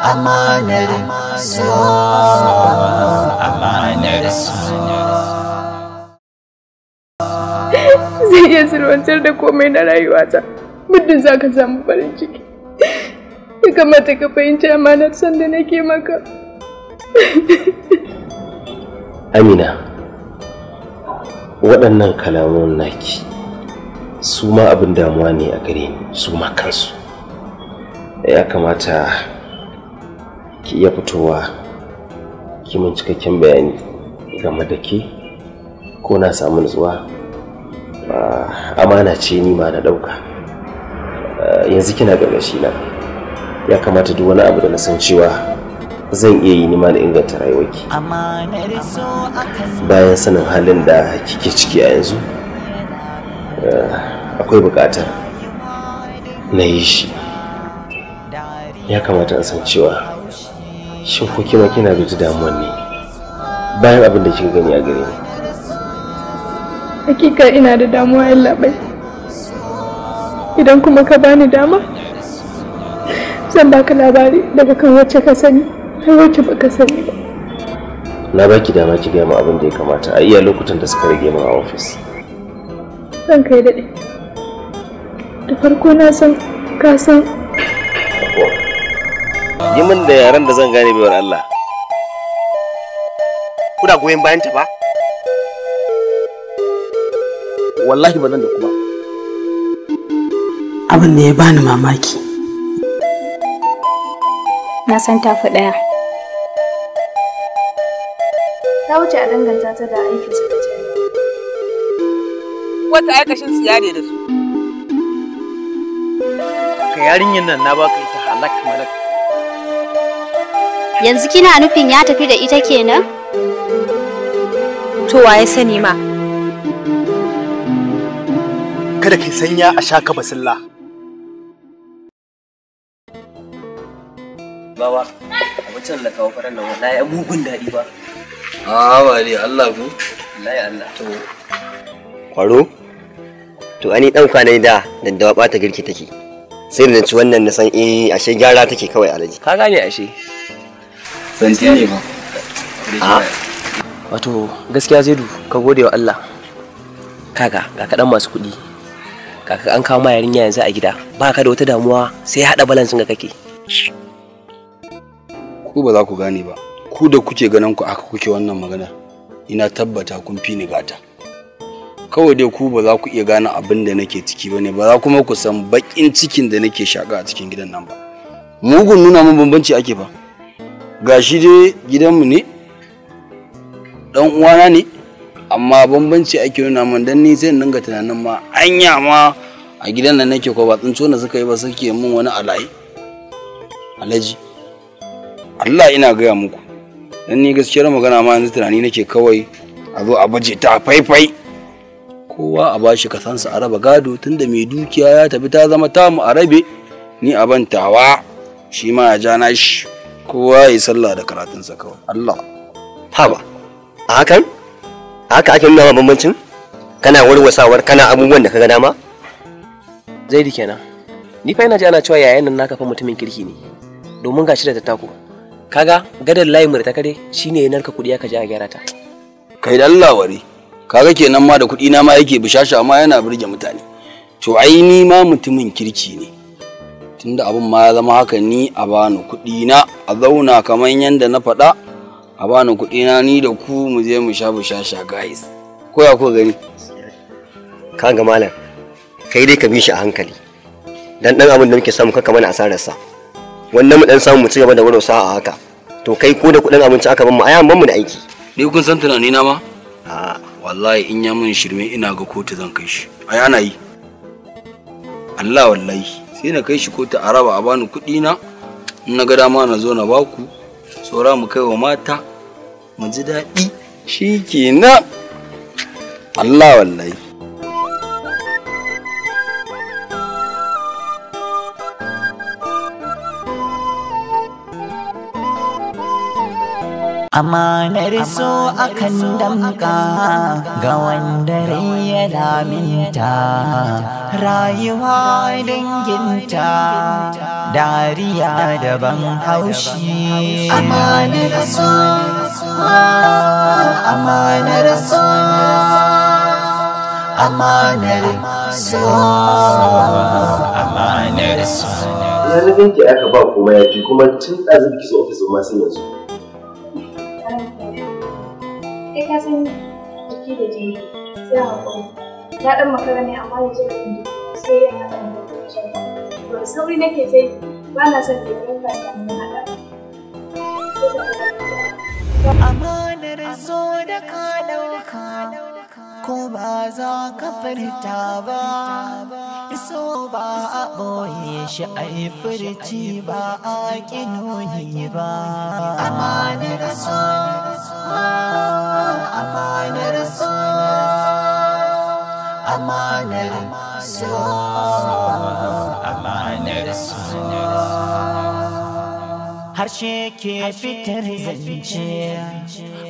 amanar zai iya zirwantar da komai na rayuwata muddin za ka samu farin ciki ya kamata ka fahimci amanar son da nake maka amina waɗannan kalamun naki su ma abin damuwa ne a gare ni su ma kansu ya kamata ki iya fitowa ki mun cikakken bayani game da ke ko na samu nutsuwa ah, amana ce ni ma na ɗauka ah, yanzu kina gargashi na ya kamata duk wani abu da na san cewa zan iya yi nima da inganta rayuwarki bayan sanin halin da kike ciki a yanzu ah, akwai buƙatar na yi shi ya kamata in san cewa shin ko kima kina da damuwan ne bayan abin da kika gani a gare ni hakika ina da damuwa Allah labai idan kuma ka bani dama zan baka labari daga kan wacce ka sani har wacce baka sani ba na baki dama ki gaya mu abin da ya kamata a iya lokutan da suka rage min a ofis zan kai dade da farko na san ka san yi min da yaren da zan gane baiwar Allah kuna goyon bayan ta ba wallahi ba nan da kuma abin da ya bani mamaki na san ta fi ɗaya ta wuce a danganta ta da aikin su wata aikashin su yare da su ka yin nan na baka ita halakka malakka. yanzu kina nufin ya tafi da ita kenan? To waye sani ma. Kada ki sanya a shaka basilla. Baba, abincin da kawo faran nan wallahi ya mugun daɗi ba. Ah, wali Allah ku? Wallahi Allah. To. Kwaro? To ani dan kwanai da dan daddawa ɓata girki take. Sai da ci wannan na san eh ashe gyara take kawai alaji. Ka gane ashe. santi ne ba ah. wato gaskiya zaidu ka gode wa Allah kaga ga kaɗan masu kuɗi kaka an kawo ma yarinya yanzu a gida ba ka da wata damuwa sai haɗa balansin ga kake ku ba za ku gane ba ku da kuke ganin ku aka kuke wannan magana ina tabbata kun fi ni gata kawai dai ku ba za ku iya gane abin da nake ciki ba ne ba za kuma ku san baƙin cikin da nake shaƙa a cikin gidan nan ba mugun nuna min bambanci ake ba gashi dai gidanmu ne dan uwana ne amma bambanci ake nuna min dan ni zai dinga tunanin ma anya ma a gidan nan nake ko ba tsinto na suka yi ba suke min wani alai alaji Allah ina gaya muku dan ni gaskiyar magana ma yanzu tunani nake kawai a zo a baje ta faifai kowa a bashi kasansa a raba gado tunda mai dukiya ya tafi ta zama tamu a rabe ni a bantawa shi ma ya ja na shi kowa ya sallah da karatun sa kawai Allah haba a hakan a haka ake nuna bambancin kana warwasawar kana abubuwan da ka ga dama zaidi kenan ni fa ina ji ana cewa yayan nan naka fa mutumin kirki ne domin gashi da tattako kaga gadar layin ta kare shine yanar ka kudi aka ji a gyara ta kai da Allah wari kaga kenan ma da kudi na ma yake bishasha ma yana burge mutane to ai ni ma mutumin kirki ne tunda abin ma ya zama haka ni a bani kuɗi na a zauna kamar yadda na faɗa a bani kuɗi na ni da ku mu je mu sha mu sha sha guys ko ya ko gani ka ga malam kai dai ka bi shi a hankali dan dan abin da muke samu kanka mana asarar sa wannan mu dan samu mu ci gaba da wurin sa'a haka to kai ko da kuɗin abinci aka ban mu ayan ban mu da aiki ni kun san tunani na ma a wallahi in ya mun shirme ina ga kotu zan kai shi ai ana yi Allah wallahi sai na kai shi kotu ta araba a bani kuɗi na in na ga dama na zo na baku tsora mu kai wa mata mu ji daɗi shi kenan Allah wallahi Amanar so akan damka ga wanda ya laminta rayuwa danginta dariya daban haushi. Amanar so, amanar so, amanar so, amanar so. Zanen binki aka ba kuma ya ji kuma tun ɗazin kisa ofis ma sun yanzu. kai ka san jiki da jini sai haƙuri na makara ne amma da sai da sauri nake sai ba na son da na haɗa amanar zo da ka ɗauka ko ba za ka furta ba so ba a ɓoye shi a yi furci ba a ƙi nuni ba amanar so amanar so amanar so amanar so harshe ke fitar zance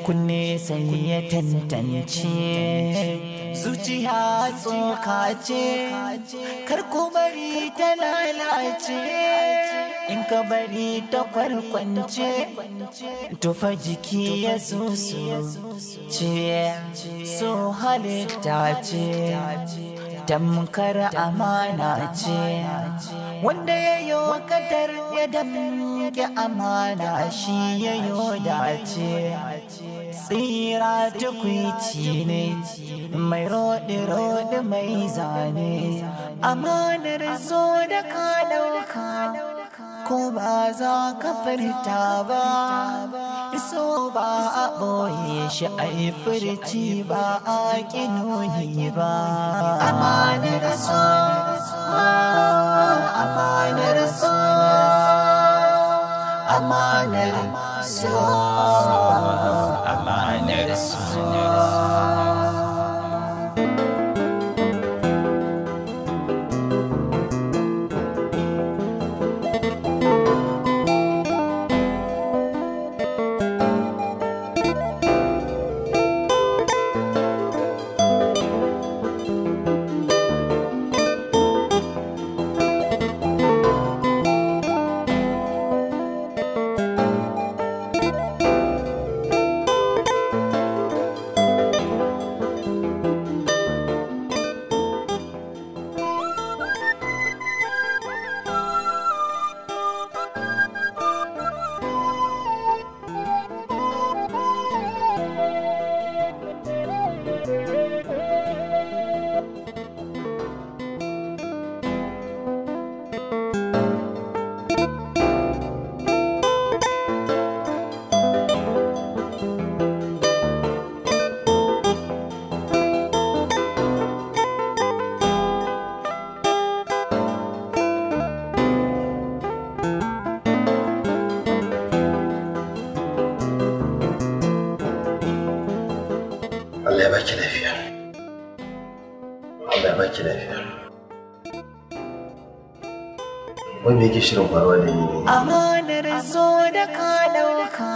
kunne sani ya tantance zuciya tsoka ce kar ku bari ta lalace in ka bari ta kwarkwance tufa jiki ya susu so halitta ce tamkar amana ce wanda ya yi wa kadar ya damke amana shi ya yi dace tsira tukwici ne mai roɗi-roɗi mai zane amanar zo da ka ɗauka ko ba za ka furta ba so ba a boye shi a yi furci ba a ƙi nuni ba amanar so amanar so amanar so amanar so wai me yake shirin faruwa da ni ne amanar zo da ka dauka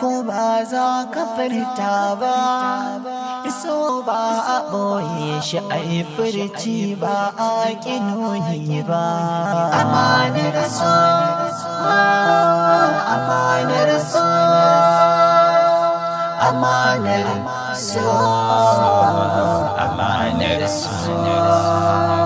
ko ba za ka furta ba so ba a boye shi a yi furci ba a ƙinoni ba amanar so amanar so amanar so amanar so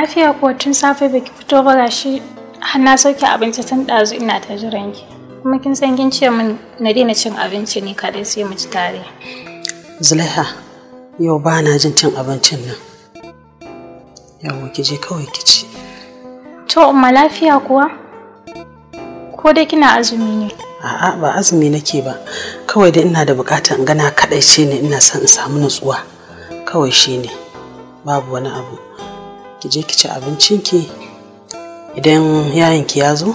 lafiya kuwa tun safe baki fito ba gashi har na sauke abinci tun ɗazu ina ta jiran ki. Kuma kin san kin ce min na daina cin abinci ne kadai sai mu ci tare. Zulaiha, yau ba na jin cin abincin nan. Yawo ki je kawai ki ci. To, amma lafiya kuwa? Ko dai kina azumi ne? A'a ba azumi nake ba. Kawai dai ina da bukatar in gana kaɗai ce ne ina son in samu nutsuwa. Kawai shi ne. Babu wani abu. ki je ki ci abincinki idan yayinki ya zo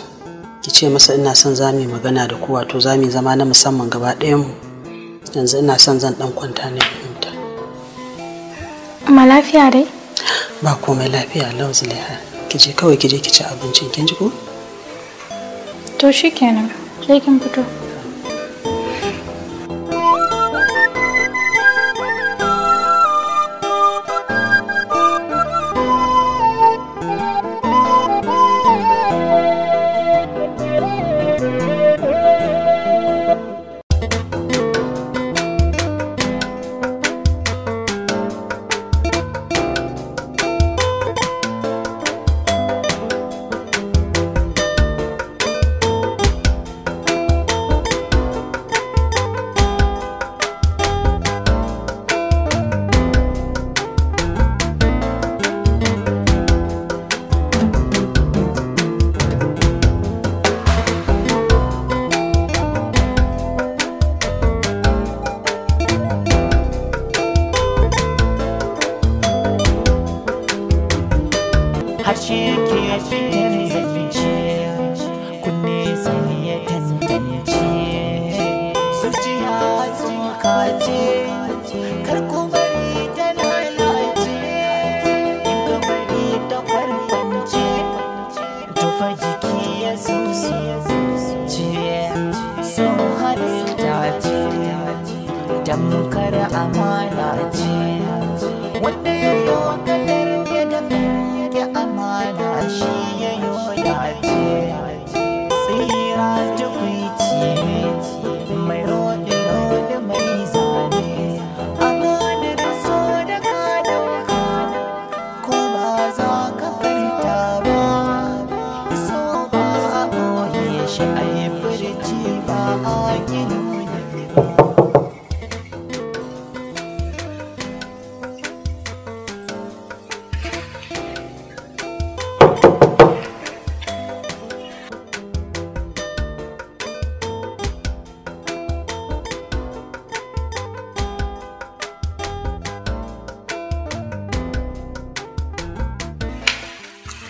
ki ce masa ina son za mu magana da ku wato za mu zama na musamman gaba mu yanzu ina son zan dan kwanta ne huta amma lafiya dai ba komai lafiya lau zulaiha ki je kawai ki je ki ci abincin kin ji ko to shikenan sai kin fito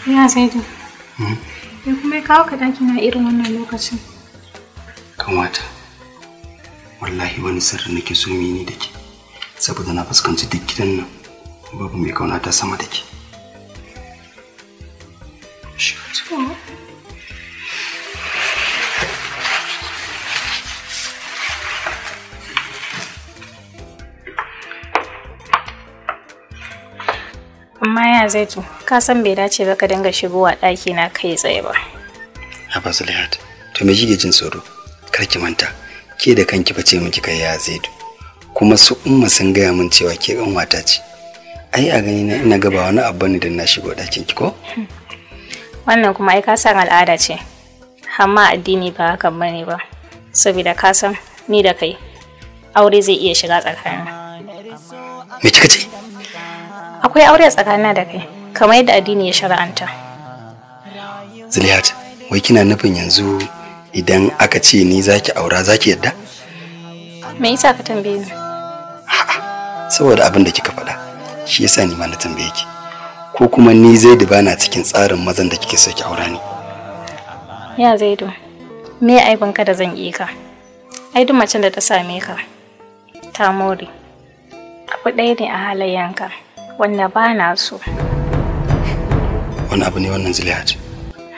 Ya Zaidu. Ya hmm? kuma ya kawo ka ɗaki na irin wannan lokacin. Kamata. wallahi wani sirri nake so mi ni da ke saboda na fuskanci duk gidan nan babu mai kauna ta sama da ke amma ya zaitu ka san bai dace ba ka dinga shigowa ɗaki na kai tsaye ba haba zulihat to me kike jin tsoro kar ki manta ke da kanki bace miki kai ya zaidu kuma su umma sun gaya min cewa ke kan wata ce ai a gani na ina gaba wani abu ne da na shigo dakin ki ko wannan kuma ai ka san al'ada ce amma addini ba hakan bane ba saboda ka san ni da kai aure zai iya shiga tsakanin me kika ce akwai aure tsakanina da kai kamar yadda addini ya shara'anta Zuliyat, wai kina nufin yanzu idan aka ce ni ki aura zaki yadda me yasa ka tambaye ni saboda abin da kika faɗa shi yasa ni ma na tambaye ki ko kuma ni zai da bana cikin tsarin mazan da kike so ki aura ni ya zaidu me aibin ka da zan yi ka ai duk macen da ta same ka ta more abu ɗaya ne a halayyanka wanda ba so wani abu ne wannan ziliyat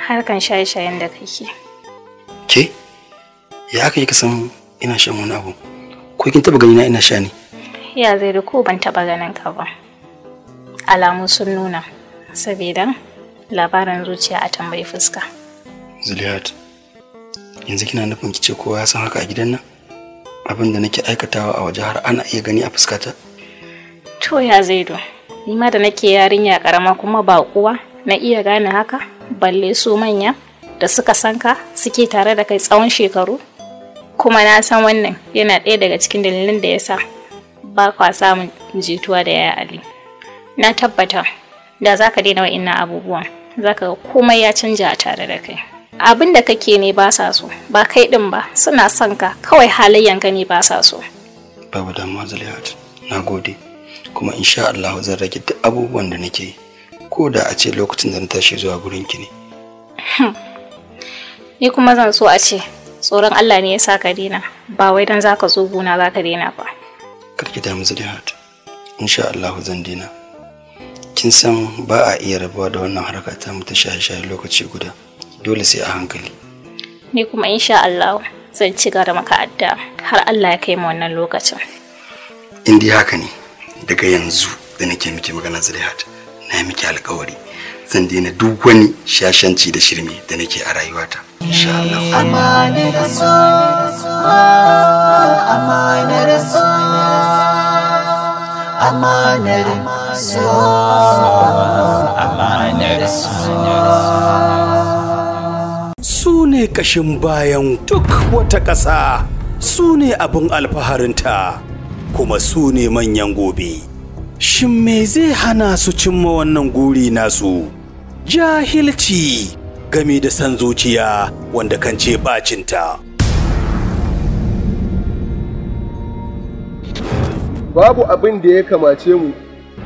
harkan shaye-shayen da kake Ke? Ya aka yi kasan ina shan wani abu? Ko kin taba ganina ina sha ne? Ya zai da ko ban taba ganin ka ba. Alamu sun nuna saboda labarin zuciya a tambayi fuska. Zuliyat, yanzu kina nufin kice kowa ya san haka a gidan nan? Abin da nake aikatawa a waje har ana iya gani a fuskata? To ya zai da, ni ma da nake yarinya karama kuma ba kuwa na iya gane haka balle su manya? da suka san ka suke tare da kai tsawon shekaru? Kuma na san wannan yana ɗaya daga cikin dalilin da ya sa ba kwa samun jituwa da yaya Ali. Na tabbata da za ka daina wa'innan abubuwan za ka komai ya canja a tare da kai. Abin da kake ne ba sa so, ba kai ɗin ba suna son ka kawai ka ne ba sa so. Babu damuwa Zuliyat, na gode. Kuma insha Allah zan rage duk abubuwan da nake yi. Ko da a ce lokacin da na tashi zuwa gurin ki ne. ni kuma zan so a ce tsoron Allah ne ya sa ka dina ba wai dan zaka zo gona za ka dina ba karki da mu insha Allah zan dina kin san ba a iya rabuwa da wannan harka ta mu ta shaye-shaye lokaci guda dole sai a hankali ni kuma insha Allah zan ci gaba da maka adda har Allah ya kai mu wannan lokacin in dai haka ne daga yanzu da nake miki magana zurihat na miki alƙawari, zan daina duk wani shashanci da shirme da nake a rayuwata Amanar so, amanar Su ne kashin bayan duk wata ƙasa, sune ne abin alfaharinta, kuma sune manyan gobe. Shin me zai hana su cimma wannan guri nasu? Jahilci. gami da san zuciya wanda kan ce bacinta. Babu abin da ya kamace mu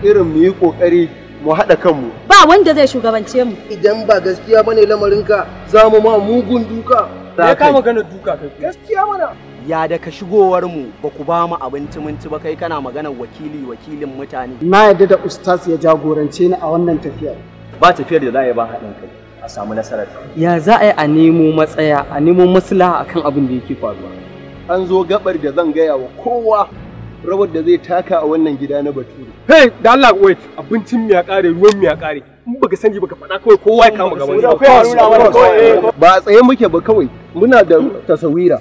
irin mu yi ƙoƙari mu haɗa kanmu. Ba wanda zai shugabance mu. Idan ba gaskiya bane lamarinka za mu ma mugun duka. Ya kama gana duka kai. Gaskiya mana. Ya ka shigowar mu ba ku ba mu abinci minti ba kai kana maganar wakili wakilin mutane. Na yadda da ustaz ya jagorance ni a wannan tafiyar. Ba tafiyar da za a yi ba haɗin kai. a samu nasarar ya za a yi a nemo matsaya a nemo maslaha akan abin da yake faruwa an zo gabar da zan gaya wa kowa rawar da zai taka a wannan gida na bature hey da Allah wait abincin miya kare ruwan miya kare in baka sani baka faɗa kawai kowa ya kama gaban ba a tsaye muke ba kawai muna da tasawira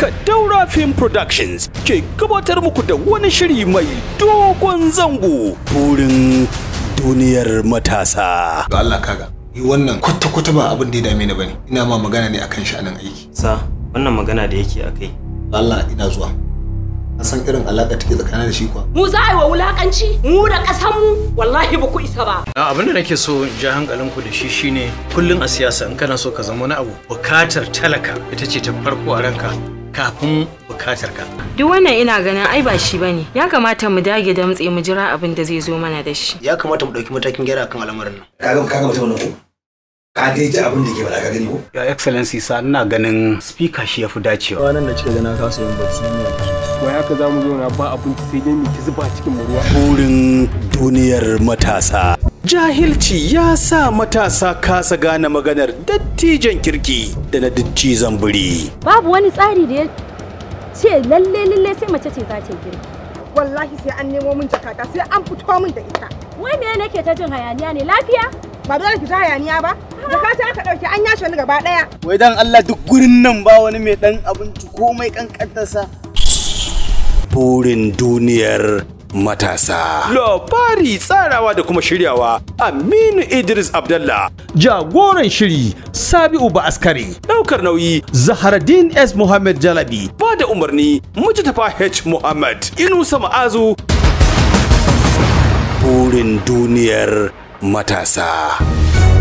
Kadaura Film Productions ke gabatar muku da wani shiri mai dogon zango burin duniyar matasa. Ga Allah kaga, yi wannan kwata-kwata ba abin da ya dame ni bane. Ina ma magana ne akan sha'anin aiki. Sa, wannan magana da yake a akai. Allah ina zuwa. na san irin alaƙa take tsakanin da shi kuwa. Mu za a yi wa wulakanci mu da mu wallahi ba ku isa ba. Ah, abin da nake so in ja ku da shi shine kullum a siyasa in kana so ka zama wani abu bukatar talaka ita ce ta farko a ranka. kafin bukatar ka. Duk wannan ina ganin ai ba shi bane. Ya kamata mu dage da mutse mu jira abin da zai zo mana da shi. Ya kamata mu dauki matakin gyara kan al'amarin nan. ka ga mutum ko? Ka dai ji abin da ke faɗa ka gani ko? Ya excellency sa ina ganin speaker shi yafi dacewa. Wannan da kika gana ka so yin bacci ne. Wai haka za mu zauna ba abinci sai dai mu ki zuba cikin ruwa. Burin duniyar matasa. Jahilci ya sa matasa kasa gane maganar dattijan kirki da na dattijan biri. Babu wani tsari da ya ce lalle lalle sai mace ce za ta girki. Wallahi sai an nemo min jakata sai an fito min da ita. Wai me nake ta jin hayaniya ne lafiya? Ba dole ki ta hayaniya ba. Jakata aka dauke an yashe ni gaba daya. Wai dan Allah duk gurin nan ba wani mai dan abinci komai kankantarsa. Burin duniyar matasa. Lopari tsarawa da kuma shiryawa Aminu Idris Abdallah. Jagoran shiri Sabi'u ba askari. Daukar nauyi Zaharadin S. Muhammad Jalabi. Ba da umarni Mujtafa H. Muhammad. Inusa Ma'azu. Burin duniyar matasa.